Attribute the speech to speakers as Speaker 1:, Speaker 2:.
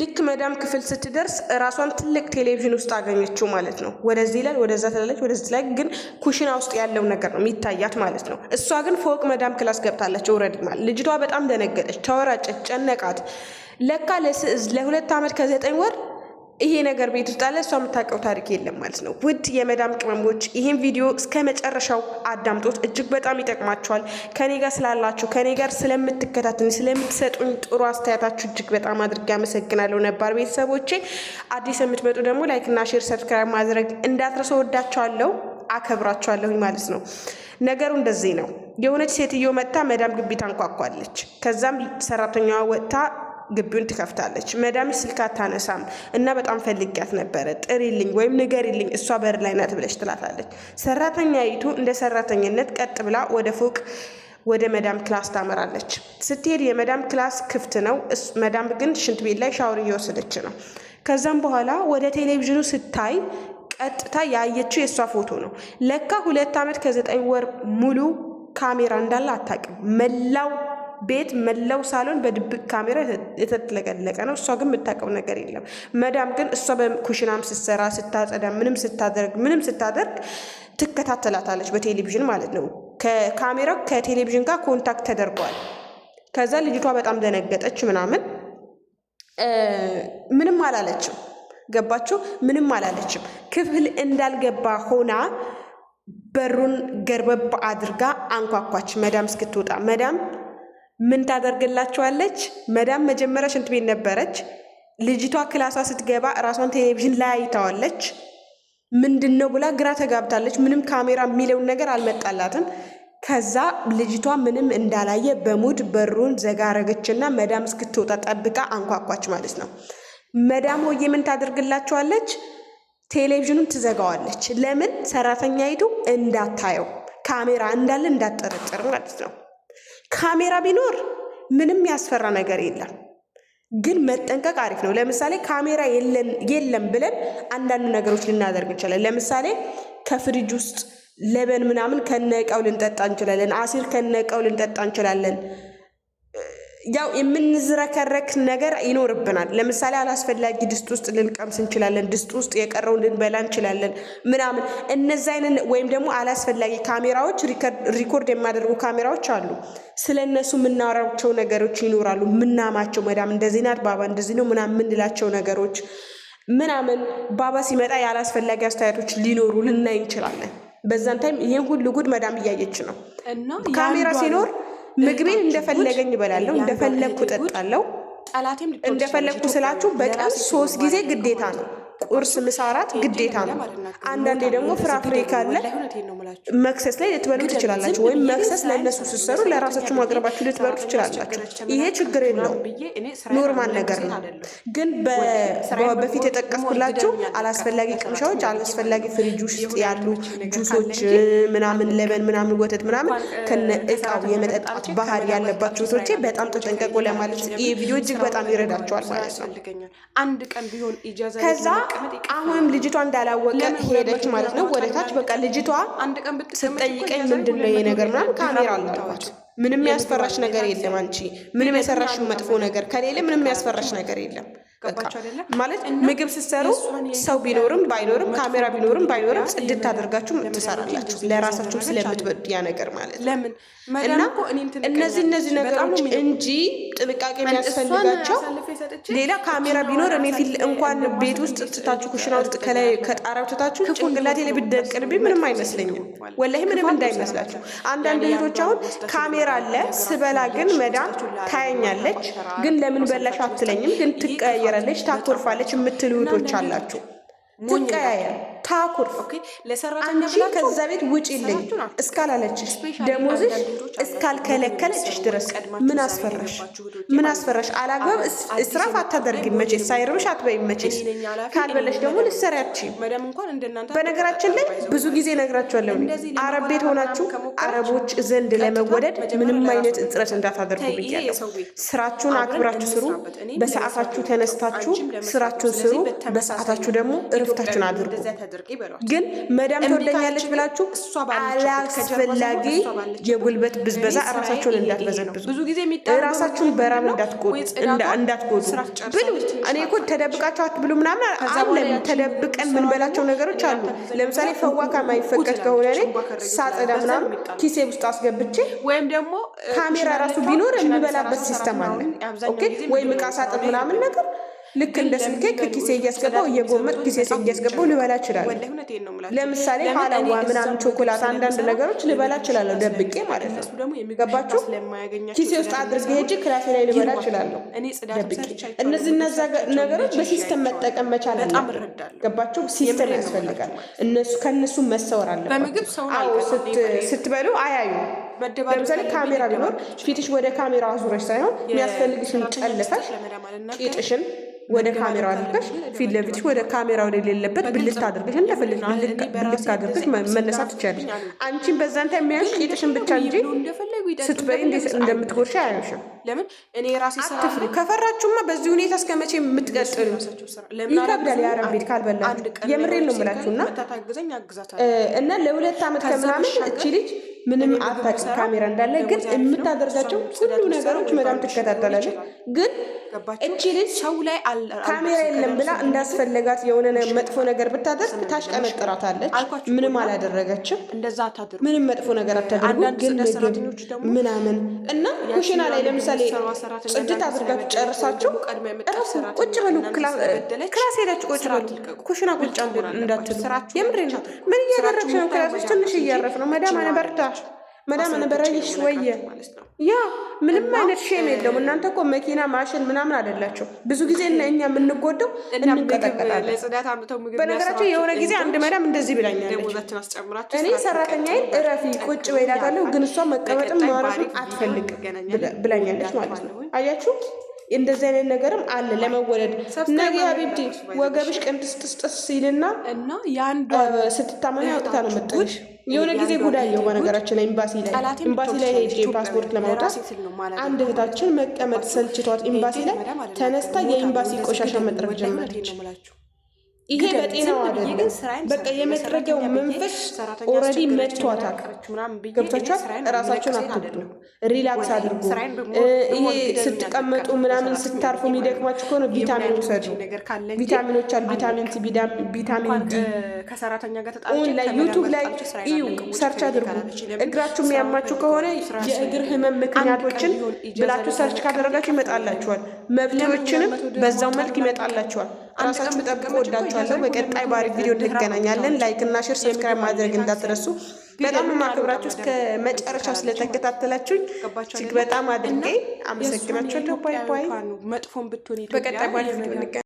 Speaker 1: ልክ መዳም ክፍል ስትደርስ ራሷን ትልቅ ቴሌቪዥን ውስጥ አገኘችው ማለት ነው። ወደዚህ ላይ ወደዛ ትላለች፣ ወደዚህ ላይ ግን ኩሽና ውስጥ ያለው ነገር ነው የሚታያት ማለት ነው። እሷ ግን ፎቅ መዳም ክላስ ገብታለች። ውረድ ማለት ልጅቷ በጣም ደነገጠች፣ ተወራጨች፣ ጨነቃት። ለካ ለሁለት ዓመት ከዘጠኝ ወር ይሄ ነገር ቤት ውስጥ አለ፣ እሷ የምታውቀው ታሪክ የለም ማለት ነው። ውድ የመዳም ቅመሞች ይህን ቪዲዮ እስከ መጨረሻው አዳምጦት እጅግ በጣም ይጠቅማችኋል። ከኔ ጋር ስላላችሁ፣ ከኔ ጋር ስለምትከታተሉ፣ ስለምትሰጡኝ ጥሩ አስተያየታችሁ እጅግ በጣም አድርጌ አመሰግናለሁ። ነባር ቤተሰቦቼ አዲስ የምትመጡ ደግሞ ላይክና ሼር፣ ሰብስክራይብ ማድረግ እንዳትረሰ ወዳቸዋለሁ አከብራችኋለሁኝ ማለት ነው። ነገሩ እንደዚህ ነው። የሆነች ሴትዮ መጥታ መዳም ግቢ ታንኳኳለች። ከዛም ሰራተኛዋ ወጥታ ግቢውን ትከፍታለች። መዳሚ ስልክ አታነሳም እና በጣም ፈልጊያት ነበረ፣ ጥሪልኝ ወይም ንገሪልኝ፣ እሷ በር ላይ ናት ብለች ትላታለች። ሰራተኛይቱ እንደ ሰራተኝነት ቀጥ ብላ ወደ ፎቅ ወደ መዳም ክላስ ታመራለች። ስትሄድ የመዳም ክላስ ክፍት ነው። መዳም ግን ሽንት ቤት ላይ ሻወር እየወሰደች ነው። ከዛም በኋላ ወደ ቴሌቪዥኑ ስታይ ቀጥታ ያየችው የእሷ ፎቶ ነው። ለካ ሁለት ዓመት ከዘጠኝ ወር ሙሉ ካሜራ እንዳለ አታውቅም መላው ቤት መላው ሳሎን በድብቅ ካሜራ የተጥለቀለቀ ነው። እሷ ግን የምታውቀው ነገር የለም። መዳም ግን እሷ በኩሽናም ስትሰራ፣ ስታጸዳ፣ ምንም ስታደርግ ምንም ስታደርግ ትከታተላታለች በቴሌቪዥን ማለት ነው። ከካሜራው ከቴሌቪዥን ጋር ኮንታክት ተደርጓል። ከዛ ልጅቷ በጣም ደነገጠች ምናምን ምንም አላለችም። ገባችሁ? ምንም አላለችም። ክፍል እንዳልገባ ሆና በሩን ገርበብ አድርጋ አንኳኳች፣ መዳም እስክትወጣ መዳም ምን ታደርግላችኋለች? መዳም መጀመሪያ ሽንት ቤት ነበረች። ልጅቷ ክላሷ ስትገባ እራሷን ቴሌቪዥን ላይ አይታዋለች። ምንድን ነው ብላ ግራ ተጋብታለች። ምንም ካሜራ የሚለውን ነገር አልመጣላትም። ከዛ ልጅቷ ምንም እንዳላየ በሙድ በሩን ዘጋ አረገችና መዳም እስክትወጣ ጠብቃ አንኳኳች ማለት ነው። መዳም ሆዬ ምን ታደርግላችኋለች? ቴሌቪዥኑን ትዘጋዋለች። ለምን ሰራተኛይቱ እንዳታየው ካሜራ እንዳለ እንዳጠረጥር ማለት ነው። ካሜራ ቢኖር ምንም ያስፈራ ነገር የለም። ግን መጠንቀቅ አሪፍ ነው። ለምሳሌ ካሜራ የለም ብለን አንዳንድ ነገሮች ልናደርግ እንችላለን። ለምሳሌ ከፍሪጅ ውስጥ ለበን ምናምን ከነቀው ልንጠጣ እንችላለን። አሲር ከነቀው ልንጠጣ እንችላለን። ያው የምንዝረከረክ ነገር ይኖርብናል። ለምሳሌ አላስፈላጊ ድስት ውስጥ ልንቀምስ እንችላለን። ድስት ውስጥ የቀረውን ልንበላ እንችላለን ምናምን እነዚ አይነት ወይም ደግሞ አላስፈላጊ ካሜራዎች፣ ሪኮርድ የማደርጉ ካሜራዎች አሉ። ስለ እነሱ የምናወራቸው ነገሮች ይኖራሉ። ምናማቸው መዳም እንደዚህ ናት ባባ እንደዚህ ነው ምናምን የምንላቸው ነገሮች ምናምን ባባ ሲመጣ የአላስፈላጊ አስተያየቶች ሊኖሩ ልናይ እንችላለን። በዛን ታይም ይህን ሁሉ ጉድ መዳም እያየች ነው። ካሜራ ሲኖር ምግቤን እንደፈለገኝ እበላለሁ፣ እንደፈለግኩ እጠጣለሁ። እንደፈለግኩ ስላችሁ በቀን ሶስት ጊዜ ግዴታ ነው። ቁርስ፣ ምሳ፣ እራት ግዴታ ነው። አንዳንዴ ደግሞ ፍራፍሬ ካለ መክሰስ ላይ ልትበሉ ትችላላችሁ፣ ወይም መክሰስ ለእነሱ ስትሰሩ ለራሳችሁ ማቅረባችሁ ልትበሉ ትችላላችሁ። ይሄ ችግር የለው ኖርማል ነገር ነው። ግን በፊት የጠቀስኩላችሁ አላስፈላጊ ቅምሻዎች፣ አላስፈላጊ ፍሪጅ ውስጥ ያሉ ጁሶች ምናምን፣ ለበን ምናምን፣ ወተት ምናምን ከነ እቃው የመጠጣት ባህል ያለባቸው ሰዎች በጣም ተጠንቀቁ ለማለት ይህ ቪዲዮ እጅግ በጣም ይረዳቸዋል ማለት ነው። ከዛ አሁንም ልጅቷ እንዳላወቀ ሄደች ማለት ነው ወደታች በቃ ልጅቷ ስትጠይቀኝ ምንድን ነው ይሄ ነገር ምናምን ካሜራ አላልኳት። ምንም ያስፈራሽ ነገር የለም አንቺ ምንም የሰራሽ መጥፎ ነገር ከሌለ ምንም ያስፈራሽ ነገር የለም። ማለት ምግብ ስትሰሩ ሰው ቢኖርም ባይኖርም ካሜራ ቢኖርም ባይኖርም ጽድት አድርጋችሁ ትሰራላችሁ። ለራሳችሁ ስለምትወዱ ያ ነገር ማለት እና እነዚህ እነዚህ ነገሮች እንጂ ጥንቃቄ የሚያስፈልጋቸው ሌላ ካሜራ ቢኖር እኔ ፊል እንኳን ቤት ውስጥ ትታችሁ ኩሽና ውስጥ ከላይ ከጣሪያው ትታችሁ ጭንቅላቴ ላይ ብትደቅንብኝ ምንም አይመስለኝም። ወላሂ ምንም እንዳይመስላችሁ። አንዳንድ ቤቶች አሁን ካሜራ አለ ስበላ ግን መዳም ታያኛለች፣ ግን ለምን በላሽ አትለኝም፣ ግን ትቀያየ ትናገራለች፣ ታኮርፋለች የምትሉ እህቶች አላችሁ። ትቀያየር ታኩር ለሰራተኛ ከዛ ቤት ውጭ ልኝ እስካላለችሽ ደሞዝሽ እስካልከለከለችሽ ድረስ ምን አስፈራሽ? ምን አስፈራሽ? አላግባብ እስራፍ አታደርጊም። መቼ ሳይርብሽ አትበይም። መቼ ካልበለሽ ደግሞ ልትሰሪያች። በነገራችን ላይ ብዙ ጊዜ እነግራችኋለሁ፣ አረብ ቤት ሆናችሁ አረቦች ዘንድ ለመወደድ ምንም አይነት እጥረት እንዳታደርጉ ብያለሁ። ስራችሁን አክብራችሁ ስሩ። በሰዓታችሁ ተነስታችሁ ስራችሁን ስሩ። በሰዓታችሁ ደግሞ እረፍታችሁን አድርጉ። አድርጊ በሏቸው። ግን መዳም ተወደኛለች ብላችሁ አላስፈላጊ የጉልበት ብዝበዛ እራሳችሁን እንዳትበዘብዙ፣ ብዙ ጊዜ ራሳችሁን በራብ እንዳትጎዱ ብሉ። እኔ እኮ ተደብቃችሁ አትብሉ ምናምን አለም። ተደብቀን የምንበላቸው ነገሮች አሉ። ለምሳሌ ፈዋካ ማይፈቀድ ከሆነ እኔ ሳጸዳ ምናምን ኪሴ ውስጥ አስገብቼ ወይም ደግሞ ካሜራ ራሱ ቢኖር የሚበላበት ሲስተም አለ። ኦኬ ወይም እቃ ሳጥን ምናምን ነገር ልክ እንደ ስልኬ ከኪሴ እያስገባው እየጎመጥ ኪሴ እያስገባው ልበላ እችላለሁ። ለምሳሌ ሀላዋ ምናምን ቾኮላት፣ አንዳንድ ነገሮች ልበላ እችላለሁ ደብቄ ማለት ነው። ገባችሁ? ኪሴ ውስጥ አድርጌ ሄጄ ክላሴ ላይ ልበላ እችላለሁ ደብቄ። እነዚህ እነዛ ነገሮች በሲስተም መጠቀም መቻል ገባችሁ? ሲስተም ያስፈልጋል። እነሱ ከእነሱ መሰወር አለበት። ስትበሉ አያዩ ለምሳሌ ካሜራ ቢኖር ፊትሽ ወደ ካሜራ አዙረሽ ሳይሆን የሚያስፈልግሽን ጨልፈሽ ቂጥሽን ወደ ካሜራው አድርገሽ ፊት ለፊትሽ ወደ ካሜራ ወደሌለበት ብልት አድርገሽ እንደፈለግሽ ብልት አድርገሽ መነሳት ትችያለሽ። አንቺን በዛን ታይም የሚያዩሽ ቂጥሽን ብቻ እንጂ ስትበይ እንዴት እንደምትጎርሽ አያዩሽም። አትፍሪ። ከፈራችሁማ በዚህ ሁኔታ እስከ መቼ የምትቀጥሉ? ይከብዳል። የአረብ ቤት ካልበላችሁ የምሬን ነው የምላችሁና እና ለሁለት ዓመት ከምናምን እቺ ልጅ ምንም አታውቅም ካሜራ እንዳለ ግን የምታደርጋቸው ሁሉ ነገሮች መዳም ትከታተላለች ግን እንቺ ሰው ላይ ካሜራ የለም ብላ እንዳስፈለጋት የሆነ መጥፎ ነገር ብታደርግ ታሽቀመጥራታለች። ምንም አላደረገችም። ምንም መጥፎ ነገር አታደርጉ። ግን ምግብ ምናምን እና ኩሽና ላይ ለምሳሌ ጽድት አድርጋችሁ ጨርሳችሁ ራሱ ቁጭ በሉ፣ ክላስ ሄዳችሁ ቁጭ በሉ፣ ኩሽና ቁጭ እንዳትሉ። የምሬ ነው። ምን እያደረግሽ ነው? ክላሶች ትንሽ እያረፍ ነው። መዳም አነበርታ መዳም ነበራለች ወየ ያ ምንም አይነት ሼም የለውም። እናንተ እኮ መኪና ማሽን ምናምን አደላቸው ብዙ ጊዜ እኛ የምንጎደው በነገራቸው የሆነ ጊዜ አንድ መዳም እንደዚህ ብላኛለች፣ እኔ ሰራተኛዬን እረፊ ቁጭ በይላታለሁ፣ ግን እሷ መቀመጥም ማረፍም አትፈልግም ብላኛለች ማለት ነው። አያችሁ እንደዚህ አይነት ነገርም አለ። ለመወለድ ነገ ሀቢብቲ ወገብሽ ቅንጥስጥስጥስ ሲልና ስትታመሚ አውጥታ ነው መጠሽ የሆነ ጊዜ ጉዳይ ጉዳየሁ በነገራችን ላይ ኤምባሲ ላይ ኤምባሲ ላይ ሄጄ ፓስፖርት ለማውጣት አንድ እህታችን መቀመጥ ሰልችቷት ኤምባሲ ላይ ተነስታ የኤምባሲ ቆሻሻ መጥረግ ጀመረች። ይሄ በጤናው አይደለም። በቃ የመጥረጊያው መንፈስ ኦልሬዲ መቷታል። ገብቷችኋል። እራሳቸውን አትወዱ፣ ሪላክስ አድርጉ። ይሄ ስትቀመጡ ምናምን ስታርፉ የሚደቅማችሁ ከሆነ ቪታሚን ውሰዱ። ቪታሚኖች አሉ፣ ቪታሚን ሲ፣ ቪታሚን ዲ። ላይ ዩቱብ ላይ እዩ፣ ሰርች አድርጉ። እግራችሁ የሚያማችሁ ከሆነ የእግር ህመም ምክንያቶችን ብላችሁ ሰርች ካደረጋችሁ ይመጣላችኋል። መብቶችንም በዛው መልክ ይመጣላችኋል። አንድ ቀን ብጠብቁ ወዳችኋለሁ። በቀጣይ ባሪፍ ቪዲዮ እንገናኛለን። ላይክ እና ሼር፣ ሰብስክራይብ ማድረግ እንዳትረሱ። በጣም የማከብራችሁ እስከ መጨረሻው ስለተከታተላችሁኝ እጅግ በጣም አድርጌ አመሰግናችኋለሁ። ባይ ባይ። በቀጣይ ባሪፍ ቪዲዮ እንገናኛለን።